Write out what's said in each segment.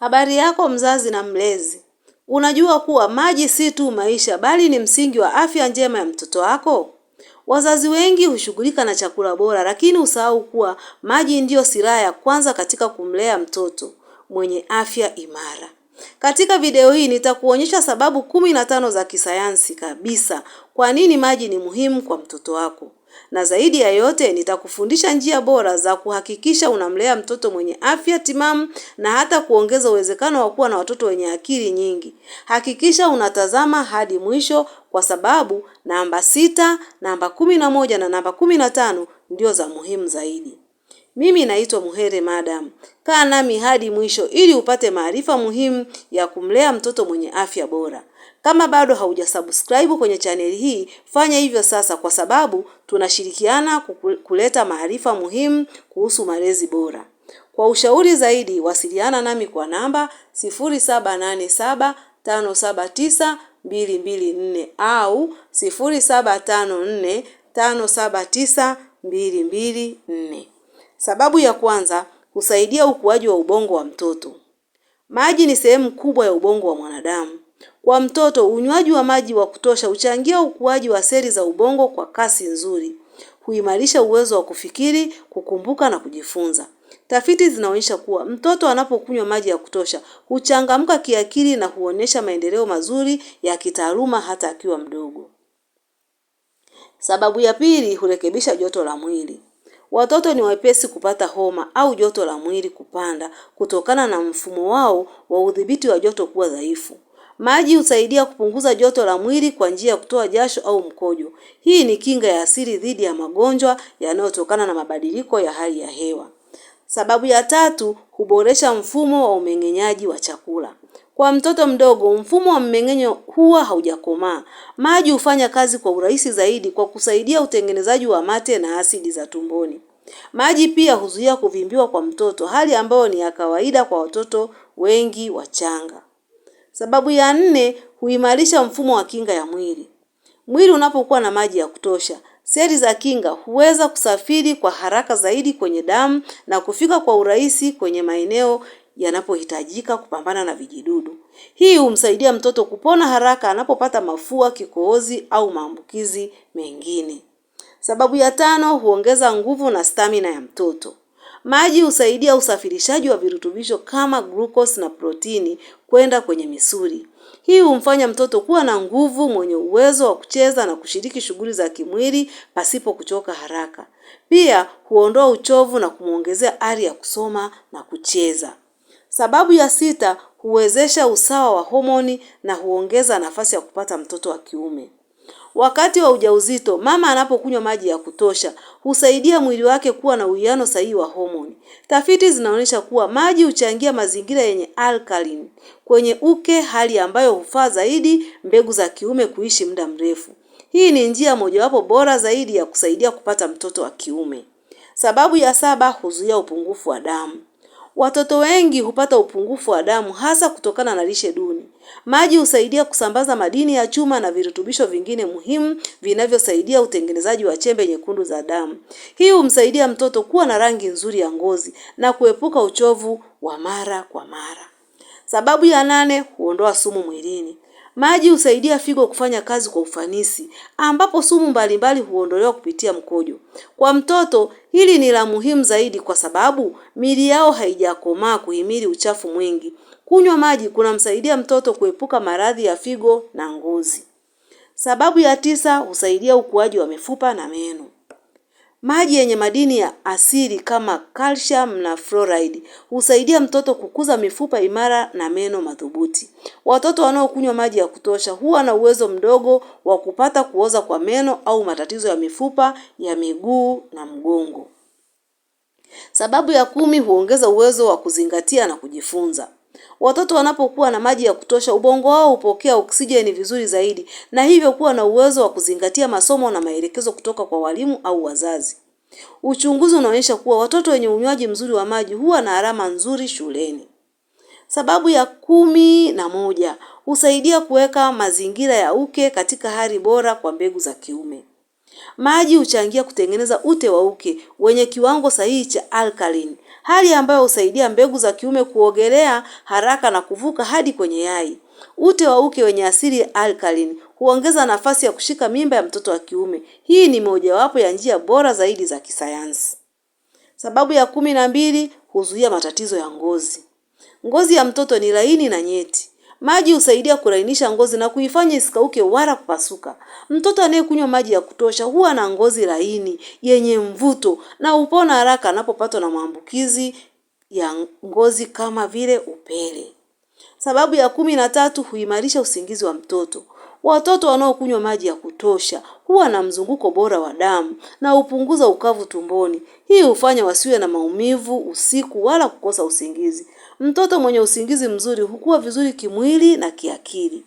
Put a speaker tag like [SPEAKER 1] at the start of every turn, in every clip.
[SPEAKER 1] Habari yako mzazi na mlezi. Unajua kuwa maji si tu maisha bali ni msingi wa afya njema ya mtoto wako? Wazazi wengi hushughulika na chakula bora lakini usahau kuwa maji ndiyo silaha ya kwanza katika kumlea mtoto mwenye afya imara. Katika video hii nitakuonyesha sababu kumi na tano za kisayansi kabisa kwa nini maji ni muhimu kwa mtoto wako. Na zaidi ya yote, nitakufundisha njia bora za kuhakikisha unamlea mtoto mwenye afya timamu na hata kuongeza uwezekano wa kuwa na watoto wenye akili nyingi. Hakikisha unatazama hadi mwisho kwa sababu namba sita, namba kumi na moja na namba kumi na tano ndio za muhimu zaidi. Mimi naitwa Muhere Madam. Kaa nami hadi mwisho ili upate maarifa muhimu ya kumlea mtoto mwenye afya bora. Kama bado haujasubscribe kwenye chaneli hii, fanya hivyo sasa kwa sababu tunashirikiana kuleta maarifa muhimu kuhusu malezi bora. Kwa ushauri zaidi wasiliana nami kwa namba 0787579224 au 0754579224. Sababu ya kwanza, husaidia ukuaji wa ubongo wa mtoto. Maji ni sehemu kubwa ya ubongo wa mwanadamu. Kwa mtoto, unywaji wa maji wa kutosha huchangia ukuaji wa seli za ubongo kwa kasi nzuri, huimarisha uwezo wa kufikiri, kukumbuka na kujifunza. Tafiti zinaonyesha kuwa mtoto anapokunywa maji ya kutosha huchangamka kiakili na huonyesha maendeleo mazuri ya kitaaluma hata akiwa mdogo. Sababu ya pili, hurekebisha joto la mwili. Watoto ni wepesi kupata homa au joto la mwili kupanda kutokana na mfumo wao wa udhibiti wa joto kuwa dhaifu. Maji husaidia kupunguza joto la mwili kwa njia ya kutoa jasho au mkojo. Hii ni kinga ya asili dhidi ya magonjwa yanayotokana na mabadiliko ya hali ya hewa. Sababu ya tatu, huboresha mfumo wa umeng'enyaji wa chakula. Kwa mtoto mdogo, mfumo wa mmeng'enyo huwa haujakomaa. Maji hufanya kazi kwa urahisi zaidi kwa kusaidia utengenezaji wa mate na asidi za tumboni. Maji pia huzuia kuvimbiwa kwa mtoto, hali ambayo ni ya kawaida kwa watoto wengi wachanga. Sababu ya nne, huimarisha mfumo wa kinga ya mwili. Mwili unapokuwa na maji ya kutosha, seli za kinga huweza kusafiri kwa haraka zaidi kwenye damu na kufika kwa urahisi kwenye maeneo yanapohitajika kupambana na vijidudu. Hii humsaidia mtoto kupona haraka anapopata mafua, kikohozi au maambukizi mengine. Sababu ya tano, huongeza nguvu na stamina ya mtoto. Maji husaidia usafirishaji wa virutubisho kama glucose na protini kwenda kwenye misuli. Hii humfanya mtoto kuwa na nguvu, mwenye uwezo wa kucheza na kushiriki shughuli za kimwili pasipo kuchoka haraka. Pia huondoa uchovu na kumwongezea ari ya kusoma na kucheza. Sababu ya sita, huwezesha usawa wa homoni na huongeza nafasi ya kupata mtoto wa kiume. Wakati wa ujauzito, mama anapokunywa maji ya kutosha, husaidia mwili wake kuwa na uwiano sahihi wa homoni. Tafiti zinaonyesha kuwa maji huchangia mazingira yenye alkaline kwenye uke, hali ambayo hufaa zaidi mbegu za kiume kuishi muda mrefu. Hii ni njia mojawapo bora zaidi ya kusaidia kupata mtoto wa kiume. Sababu ya saba, huzuia upungufu wa damu. Watoto wengi hupata upungufu wa damu hasa kutokana na lishe duni. Maji husaidia kusambaza madini ya chuma na virutubisho vingine muhimu vinavyosaidia utengenezaji wa chembe nyekundu za damu. Hii humsaidia mtoto kuwa na rangi nzuri ya ngozi na kuepuka uchovu wa mara kwa mara. Sababu ya nane, huondoa sumu mwilini. Maji husaidia figo kufanya kazi kwa ufanisi, ambapo sumu mbalimbali huondolewa kupitia mkojo. Kwa mtoto hili ni la muhimu zaidi kwa sababu miili yao haijakomaa kuhimili uchafu mwingi. Kunywa maji kunamsaidia mtoto kuepuka maradhi ya figo na ngozi. Sababu ya tisa husaidia ukuaji wa mifupa na meno. Maji yenye madini ya asili kama calcium na fluoride husaidia mtoto kukuza mifupa imara na meno madhubuti. Watoto wanaokunywa maji ya kutosha huwa na uwezo mdogo wa kupata kuoza kwa meno au matatizo ya mifupa ya miguu na mgongo. Sababu ya kumi huongeza uwezo wa kuzingatia na kujifunza. Watoto wanapokuwa na maji ya kutosha, ubongo wao hupokea oksijeni vizuri zaidi na hivyo kuwa na uwezo wa kuzingatia masomo na maelekezo kutoka kwa walimu au wazazi. Uchunguzi unaonyesha kuwa watoto wenye unywaji mzuri wa maji huwa na alama nzuri shuleni. Sababu ya kumi na moja, husaidia kuweka mazingira ya uke katika hali bora kwa mbegu za kiume. Maji huchangia kutengeneza ute wa uke wenye kiwango sahihi cha alkaline hali ambayo husaidia mbegu za kiume kuogelea haraka na kuvuka hadi kwenye yai. Ute wa uke wenye asili alkaline huongeza nafasi ya kushika mimba ya mtoto wa kiume. Hii ni mojawapo ya njia bora zaidi za kisayansi. Sababu ya kumi na mbili, huzuia matatizo ya ngozi. Ngozi ya mtoto ni laini na nyeti. Maji husaidia kulainisha ngozi na kuifanya isikauke wala kupasuka. Mtoto anayekunywa maji ya kutosha huwa na ngozi laini yenye mvuto na upona haraka anapopatwa na maambukizi ya ngozi kama vile upele. Sababu ya kumi na tatu, huimarisha usingizi wa mtoto. Watoto wanaokunywa maji ya kutosha huwa na mzunguko bora wa damu na hupunguza ukavu tumboni. Hii hufanya wasiwe na maumivu usiku wala kukosa usingizi. Mtoto mwenye usingizi mzuri hukua vizuri kimwili na kiakili.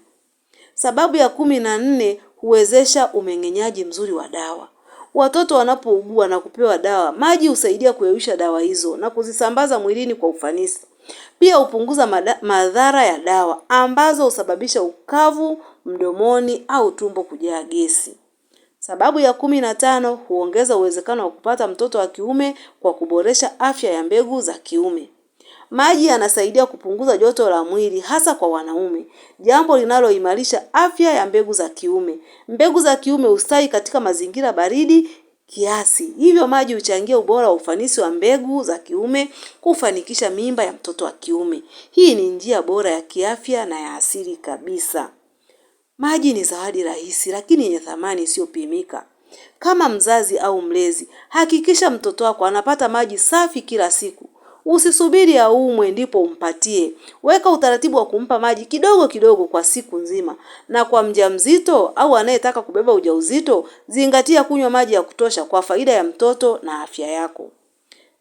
[SPEAKER 1] Sababu ya kumi na nne huwezesha umeng'enyaji mzuri wa dawa. Watoto wanapougua na kupewa dawa, maji husaidia kuyeyusha dawa hizo na kuzisambaza mwilini kwa ufanisi. Pia hupunguza madhara ya dawa ambazo husababisha ukavu mdomoni au tumbo kujaa gesi. Sababu ya kumi na tano huongeza uwezekano wa kupata mtoto wa kiume kwa kuboresha afya ya mbegu za kiume. Maji yanasaidia kupunguza joto la mwili hasa kwa wanaume. Jambo linaloimarisha afya ya mbegu za kiume. Mbegu za kiume ustawi katika mazingira baridi kiasi. Hivyo maji huchangia ubora wa ufanisi wa mbegu za kiume kufanikisha mimba ya mtoto wa kiume. Hii ni njia bora ya kiafya na ya asili kabisa. Maji ni zawadi rahisi lakini yenye thamani isiyopimika. Kama mzazi au mlezi, hakikisha mtoto wako anapata maji safi kila siku. Usisubiri aumwe ndipo umpatie. Weka utaratibu wa kumpa maji kidogo kidogo kwa siku nzima. Na kwa mjamzito au anayetaka kubeba ujauzito, zingatia kunywa maji ya kutosha kwa faida ya mtoto na afya yako.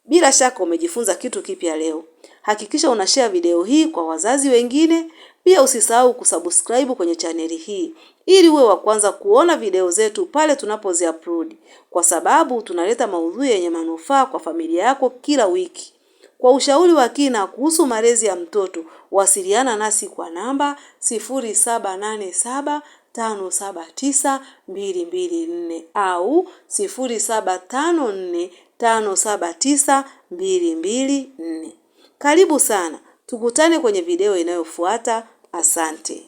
[SPEAKER 1] Bila shaka umejifunza kitu kipya leo. Hakikisha unashare video hii kwa wazazi wengine. Pia usisahau kusubscribe kwenye chaneli hii ili uwe wa kwanza kuona video zetu pale tunapoziupload, kwa sababu tunaleta maudhui yenye manufaa kwa familia yako kila wiki. Kwa ushauri wa kina kuhusu malezi ya mtoto, wasiliana nasi kwa namba 0787579224 au 0754579224. Karibu sana, tukutane kwenye video inayofuata. Asante.